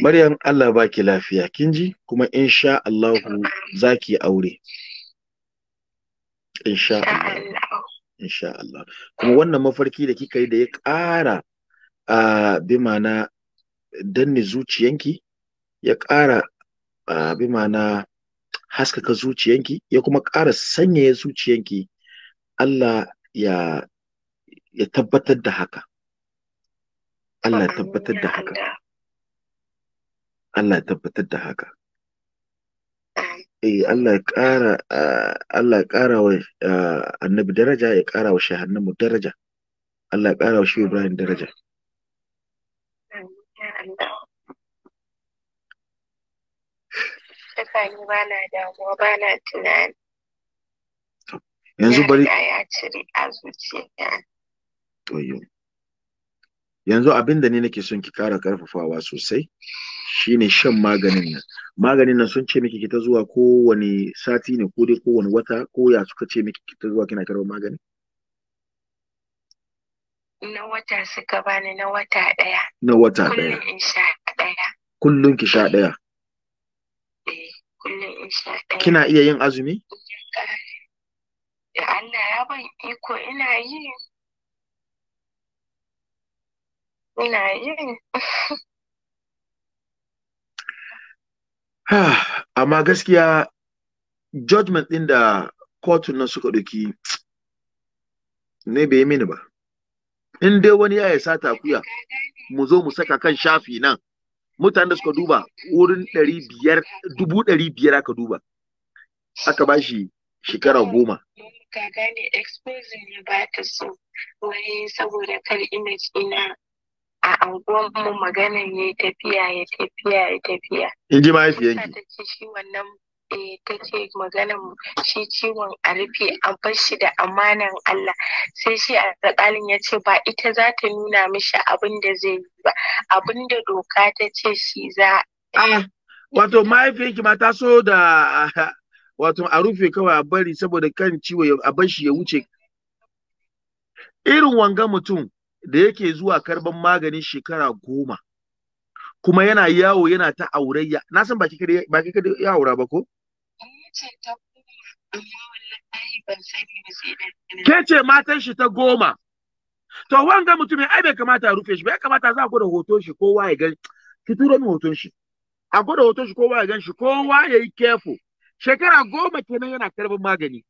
Maryam Allah ba ki lafiya kin ji kuma insha Allahu za ki aure insha Allah insha Allah kuma wannan mafarki da kika yi da ya ƙara a bi mana danne zuciyanki ya ƙara a bi mana haskaka zuciyanki ya kuma ƙara sanyaya zuciyanki Allah ya tabbatar da haka Allah ya tabbatar da haka Allah ya tabbatar da haka eh Allah ya ƙara Allah ya ƙara wa annabi daraja ya ƙara wa shahannamu daraja Allah ya ƙara wa shi Ibrahim daraja Tsakani ba na damuwa ba na tunani yanzu bari ya cire a zuciya yanzu abin da nake son ki ƙara ƙarfafawa sosai shine shan maganin nan maganin nan sun ce miki kita zuwa zuwa kowane sati ne ko dai kowane wata ko ya suka ce miki kita zuwa kina karɓar magani na wata suka bani na wata ɗaya na wata ɗaya kullum in sha ɗaya kullum ki sha ɗaya eh kullum in sha ɗaya kina iya yin azumi eh, Ya Allah ya ban iko ina yi ina yi amma gaskiya judgment ɗin da kotun nan suka ɗauki ne bai yi mini ba in dai wani ya isa takuya mu zo mu saka kan shafi nan mutanen da suka duba wurin dubu ɗari biyar aka duba aka ba shi shekara goma ka ne exposing ne ba ta so wai saboda kar image ina a anguwan mu maganan ya tafiya ya tafiya ya tafiya. In ji mahaifiyanki. Ta ce shi wannan eh ta ce maganan shi ciwon a rufe a bar shi da amanan Allah sai shi tsakalin ya ce ba ita za ta nuna mishi abin da zai yi ba abin da doka ta ce shi za. Ah, wato mahaifiyanki ma ta so da wato a rufe kawai a bari saboda kan ciwo a bar shi ya wuce irin wanga mutum da yake zuwa karban maganin shekara goma kuma yana yawo yana ta aurayya na san baki kada baki kada ya aura ba ko ke ce matan shi ta goma to wanga mutumin ai bai kamata a rufe shi bai kamata za a gwada hoton shi kowa ya gani ki turo min hoton shi a gwada hoton shi kowa ya gan shi kowa ya yi careful shekara goma kenan yana karbin magani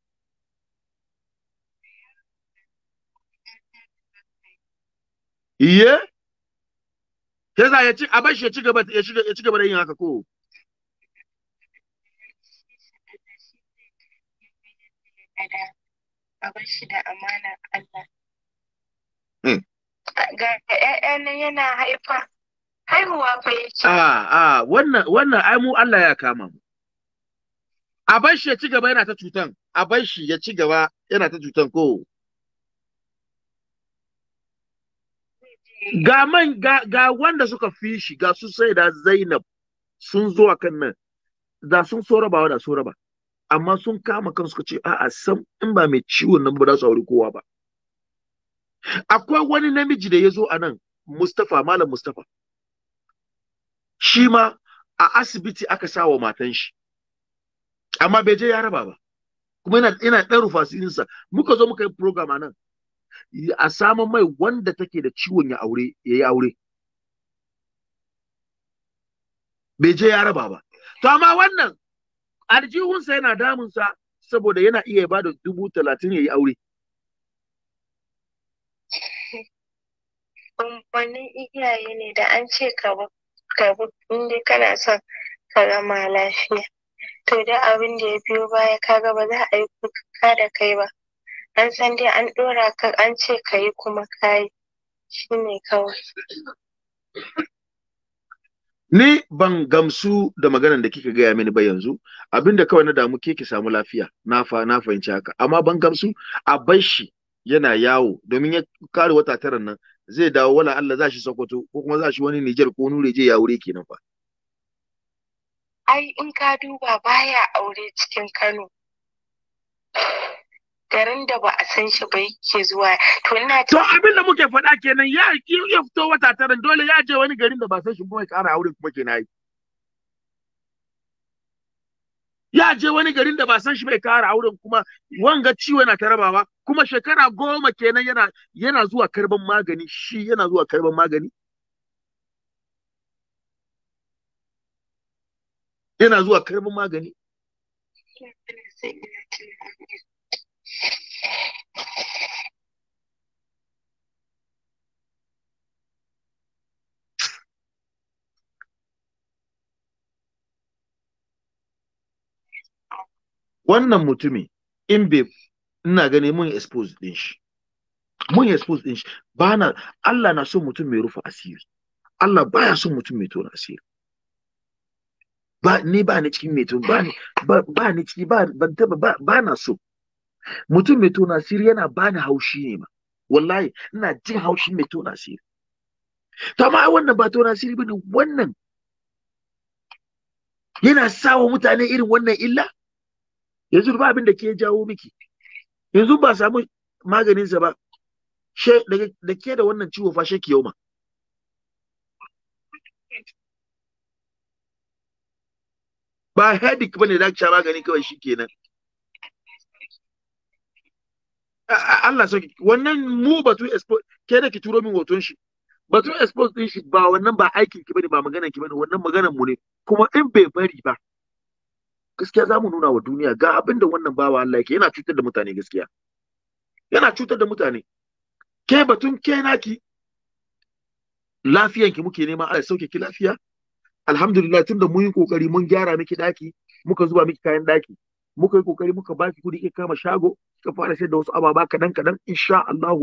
iye yasa ya ci a bashi ya ci gaba ya ci gaba da yin haka ko a bar shi da amanar Allah. Hmm. Ga ‘ya'yan yana haifa, haihuwa fa yake. A, ah, a, ah, wannan, wannan, ai mu Allah ya kama mu. a bar shi ya ci gaba yana ta cutan a bar shi ya ci gaba yana ta cutan ko ga man ga, wanda suka fi shi ga su sai da Zainab sun zo kan nan da sun so rabawa da so raba amma sun kama kan suka ce a'a sam in ba mai ciwon nan ba za su aure kowa ba akwai wani namiji da ya zo a nan Mustapha Malam Mustapha shi ma a asibiti aka sa wa matan shi amma bai je ya raba ba kuma yana yana dan rufasininsa muka zo muka yi program anan. a samun mai wanda take da ciwon ya aure ya yi aure bai je ya raba ba to amma wannan aljihunsa yana damunsa saboda yana iya ba da dubu talatin ya yi aure umarnin iyaye ne da an ce ka bi inda kana son ka gama lafiya to da abin da ya biyo baya ka ga ba za a yi kuka da kai ba an san dai an ɗora ka an ce ka yi kuma kayi shine kawai ni ban gamsu da maganar da kika gaya mini ba yanzu abinda kawai na damu ke ki samu lafiya na fa fahimci haka amma ban gamsu a bar shi yana yawo domin ya kare wata taran nan zai dawo wala Allah za shi Sokoto ko kuma za shi wani Niger ko Nure je ya wuri kenan fa ai in ka duba baya aure cikin Kano garin da ba a san shi ba yake zuwa to ina to abin da muke faɗa kenan ya ya fito wata tara dole ya je wani garin da ba san shi ba ya ƙara aure kuma kenan ya je wani garin da ba san shi bai kara auren kuma wanga ciwo yana ta rabawa kuma shekara goma kenan yana yana zuwa karban magani shi yana zuwa karban magani yana zuwa karbin magani wannan mutumi in bai ina gani mun expose din shi mun expose din shi ba na Allah na so mutum mai rufe asiri Allah baya so mutum mai tona asiri ba ni ba ni cikin meto ba ni ba ni ciki ba ban taba ba, na so mutum mai na sir yana ba ni haushi ne ma wallahi ina jin haushin mai na sir to amma wannan ba na sir bane wannan yana sawa mutane irin wannan illa yanzu ba abin da ke jawo miki yanzu ba samu maganinsa ba da ke da wannan ciwo fa shi yau ma ba ba ne da sha magani kawai shikenan Allah sauki wannan mu batun expose ke da ki turo min hoton shi batun expose din shi ba wannan ba aikin ki bane ba maganan ki bane wannan maganan mu ne kuma in bai bari ba gaskiya za mu nuna wa duniya ga abin da wannan bawa Allah yake yana cutar da mutane gaskiya yana cutar da mutane ke batun ke naki ki muke nema Allah sauke ki lafiya alhamdulillah tunda mun yi kokari mun gyara miki daki muka zuba miki kayan daki muka yi kokari muka baki kudi ka kama shago ka fara sayar da wasu ababa kadan kadan insha Allah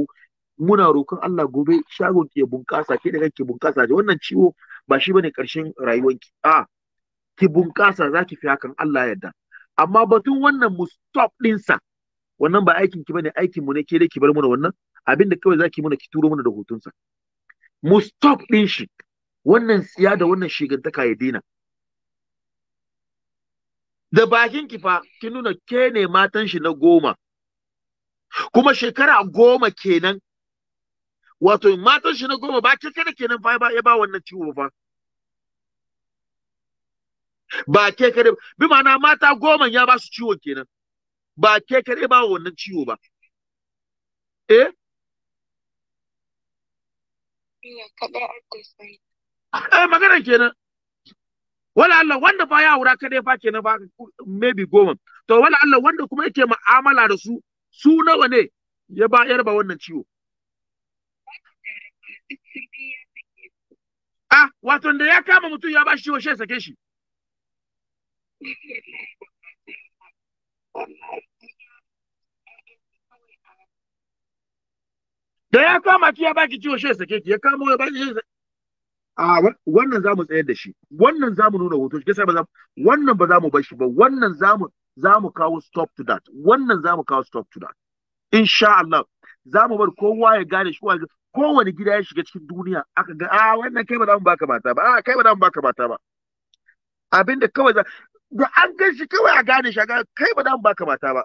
muna roƙon Allah gobe shago ki ya bunƙasa ke da kanki bunƙasa wannan ciwo ba shi bane ƙarshen rayuwanki a ki bunƙasa za ki fi hakan Allah yarda amma batun wannan mu stop ɗinsa wannan ba aikin ki bane aikin mu ne ke dai ki bar mana wannan abin da kawai zaki muna ki turo mana da hotunsa mu stop ɗin shi wannan tsiya da wannan shigantaka ya dina da bakin kifa, kin nuna ke ne matan shi na goma kuma shekara goma kenan wato matan shi na goma ba ke kada kenan fa ya ba wannan ciwo fa ba ke kada bi ma'ana mata goma ya ba su ciwon kenan ba ke kada ba wannan ciwo ba eh ake eh magana kenan wala Allah wanda ba ya aura kadai fa kenan ba maybe goma to wala Allah wanda kuma yake mu'amala da su su nawa ne ya ba yar ba wannan ciwo ah wato da ya kama mutum ya ba shi ciwo shi sake shi da ya kama ki ya baki ciwo shi sake ki ya kama ya baki a wannan za mu tsayar da shi wannan za mu nuna hoto shi sai ba wannan ba za mu bar shi ba wannan za mu za mu kawo stop to that wannan za mu kawo stop to that insha Allah za mu bar kowa ya gane shi kowa kowane gida ya shiga cikin duniya aka ga a wannan kai ba za mu baka mata ba a kai ba za mu baka mata ba abinda kawai za da an gan shi kawai a gane shi a kai ba za mu baka mata ba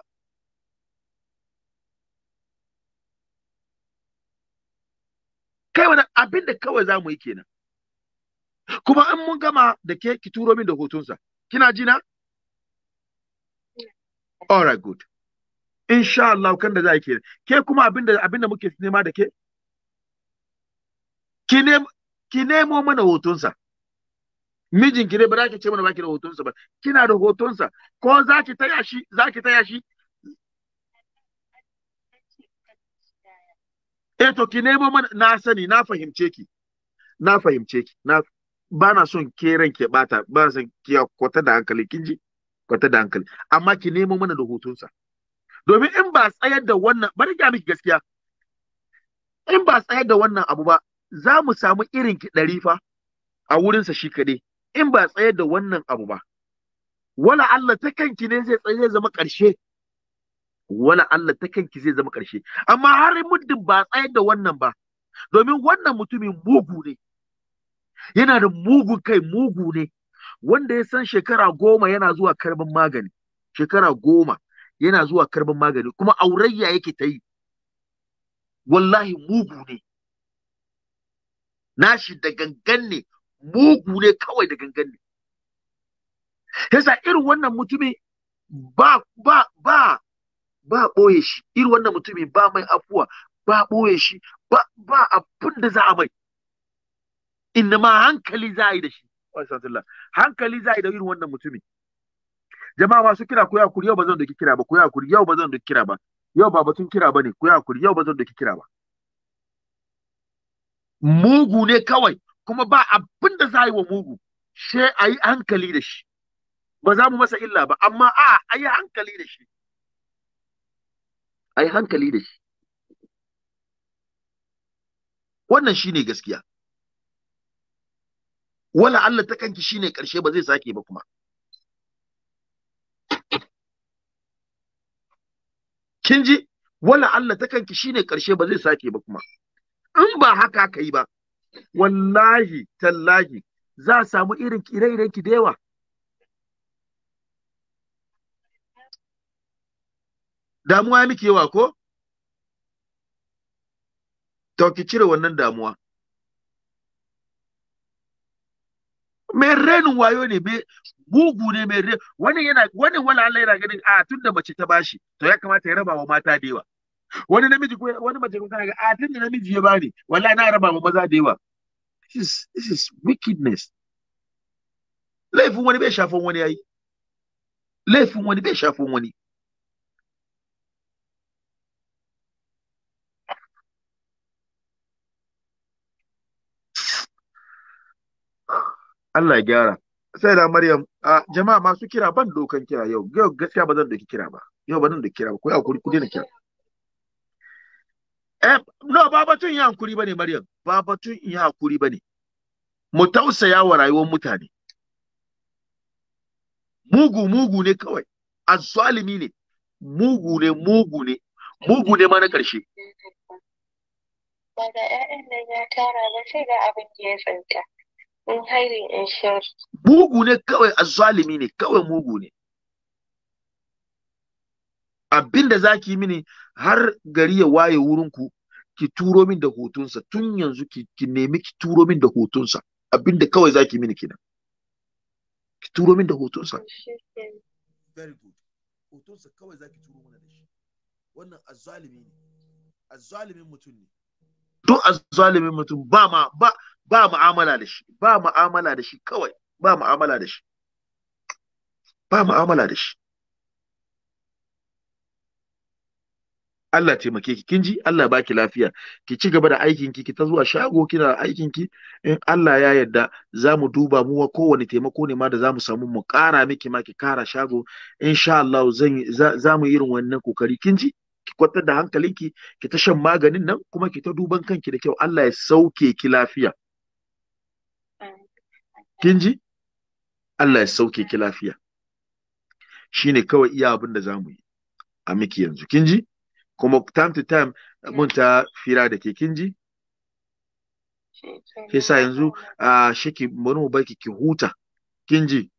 kai wannan abinda kawai za mu yi kenan kuma in mun gama da ke ki turo min da hotonsa kina ji na all right good insha Allah kan da zai ke ke kuma abinda abinda muke nema da ke ki nemo ki nemo mana hotonsa mijin ki ne ba za ki ce mana baki da hotonsa ba kina da hotonsa ko za ki taya shi za ki taya shi eh to ki nemo mana na sani na fahimce ki na fahimce ki na ba na son ke ran ke bata ba na son ke kwata da hankali kin ji kwata da hankali amma ki nemo mana da hutunsa. domin in ba tsayar da wannan bari ga miki gaskiya in ba tsayar da wannan abu ba za mu samu irin ki dari fa a wurinsa shi kaɗai in ba tsayar da wannan abu ba wala Allah ta kanki ne zai tsaye zai zama ƙarshe wala Allah ta kanki zai zama ƙarshe amma har muddin ba tsayar da wannan ba domin wannan mutumin mugu ne yana da mugu kai mugu ne wanda ya san shekara goma yana zuwa karban magani shekara goma yana zuwa karban magani kuma aurayya yake ta yi wallahi mugu ne nashi da gangan ne mugu ne kawai da gangan ne yasa irin wannan mutumi ba ba ba ba ɓoye shi irin wannan mutumi ba mai afuwa ba ɓoye shi ba ba abin da za a mai inda ma hankali za a yi da shi hankali za a yi da irin wannan mutumin jama'a masu kira ku yakuri yau ba zan doki kira ba ku yakuri yau ba zan doki kira ba yau ba batun kira ba ne ku yakuri yau ba zan doki kira ba mugu ne kawai kuma ba abin da za a yi wa mugu she a yi hankali da shi ba za mu masa illa ba amma a a yi hankali da shi a yi hankali da shi wannan shi ne gaskiya wala Allah ta kanki shine karshe ba zai sake ba kuma kin ji wala Allah ta kanki shine karshe ba zai sake ba kuma in ba haka ka yi ba wallahi tallahi za a samu irin ire ki da yawa damuwa ya miki yawa ko to ki cire wannan damuwa mai wayo ne mai mugu ne mai renin wani yana wani wala Allah yana ganin a ah, tun mace ta bashi to ya kamata ya raba wa mata da yawa wani namiji ko wani mace kuma ga a ah, tun namiji ya bani wallahi na raba wa maza da yawa this is this is wickedness laifin wani bai shafin wani yayi laifin wani bai shafin wani Allah ya gyara sai da Maryam a jama'a masu kira ban dokan kira yau yau gaskiya ba zan da kira ba yau ba zan da kira ba ko ya kuri kudi na kira eh no ba batun ya hankuri bane Maryam ba batun ya hankuri bane mu tausaya wa rayuwar mutane mugu mugu ne kawai azzalimi ne mugu ne mugu ne mugu ne ma na ƙarshe. Ba da ‘ya'yan nan ya tara ba sai da abin ke ya tsinta. mugu ne kawai azzalimi ne kawai mugu ne abinda zaki mini har gari ya waye wurinku ki turo min da hotunsa tun yanzu ki, nemi ki turo min da hotunsa abinda kawai zaki mini kina ki turo min da hotunsa oh, hotunsa kawai ki turo min da shi wannan azzalimi ne azzalimin mutum ne don azzalimin mutum ba ma ba ba mu'amala da shi ba mu'amala da shi kawai ba mu'amala da shi ba mu'amala da shi Allah taimake ki kin ji Allah baki lafiya ki ci gaba da aikin ki ki ta zuwa shago kina aikin ki in Allah ya yarda za mu duba mu kowane taimako ne ma da za mu samu mu ƙara miki ma ki kara shago insha Allah zan za mu irin wannan kokari kin ji ki kwantar da hankalinki ki ta shan maganin nan kuma ki ta duban kanki da kyau Allah ya sauke ki lafiya kin ji Allah ya sauke ki lafiya shine kawai iya abin da zamu yi a miki yanzu kin ji kuma time to time mun ta fira da ke kin ji sa yanzu a shiki bari mu baki ki huta kin ji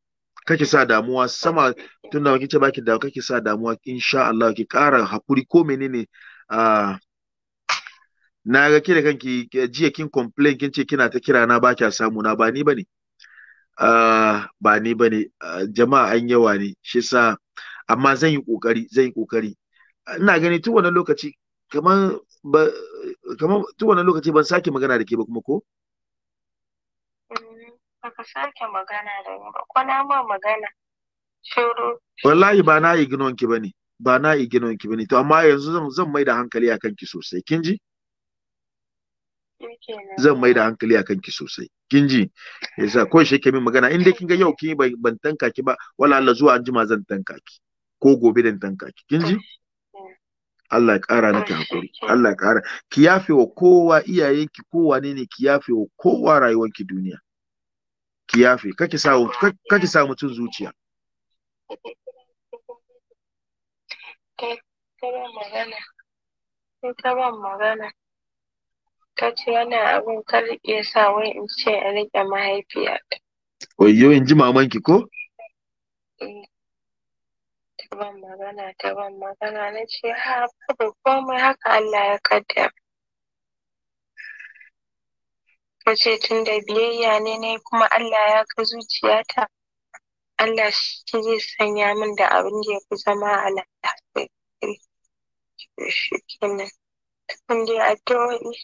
kake sa damuwa sama tun da kike baki da kake sa damuwa insha Allah ki kara hakuri ko menene a na ga kanki jiya kin complain kin ce kina ta kira na ba kya samu na ba ni bane Ah, ba ni ba ne ah, jama'a an yawa ne shi sa amma zan yi ƙoƙari zan yi ƙoƙari ina gani tun wannan lokaci kamar ba kamar tun wannan lokaci ban sake magana da ke ba kuma ko mm, baka sake magana da ni ba kwana ma magana shiru wallahi ba na yi ginon ba bane ba na yi ginon ba bane to amma yanzu zan mai da hankali a kanki sosai kin ji zan mai da hankali a kanki sosai kin ji yasa ko shi ke min magana in dai kin ga yau kin ban tanka ki ba wala Allah zuwa an jima zan tanka ki ko gobe dan tanka ki kin ji oh, Allah ya kara miki hakuri Allah ya ƙara ki yafe wa kowa iyayenki kowa ne ne ki yafe wa kowa ki duniya ki yafe kake sa kake sa mutun zuciya magana magana Ka ce wannan abin kar ya sa wai in ce a riƙe mahaifiyata. Oyo in ji mamanki ko? Eh, ta ban magana ta ban magana na ce ha babu komai haka Allah ya kaddara. Ta ce tun da biyayya ne ne kuma Allah ya ga zuciyata. Allah shi zai sanya min da abin da ya fi zama a lantarki. Shi kenan. Kun dai addu'o'i.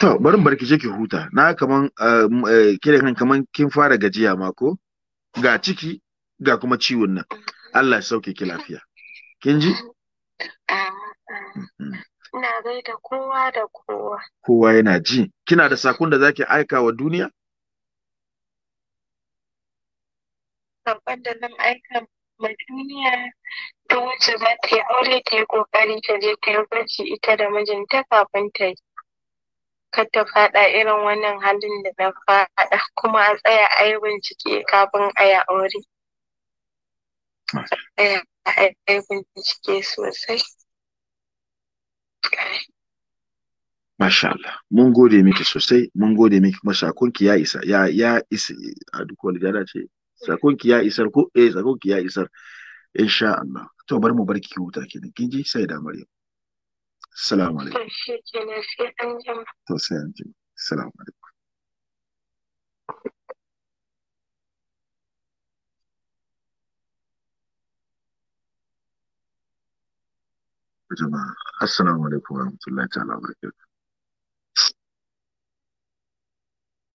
To, barin barki je ki huta. Na kaman eh, eh, kire kan kaman kin fara gajiya ma ko? Ga ciki ga kuma ciwon nan. Allah ya sauke ki lafiya. Kin ji? Ina gaida kowa da kowa. Kowa yana ji. Kina da sakon da zaki aika wa duniya? Sakon da zan aika ma duniya ta wacce za ta yi aure ta yi ƙoƙari ta je ta yi gwaji ita da mijinta kafin ta yi. Kar ta faɗa irin wannan halin da na faɗa kuma a tsaya a yi bincike kafin a yi aure. A tsaya a yi bincike sosai. Masha Allah, mun gode miki sosai, mun gode miki kuma sakonki ya isa, ya ya isa, a duk wani ce, sakonki ya isar ko eh sakonki ya isar. insha Allah to mu barki huta kenan kin sai da Maryam assalamu alaikum to sai an assalamu alaikum jama'a ta'ala wa barakatuh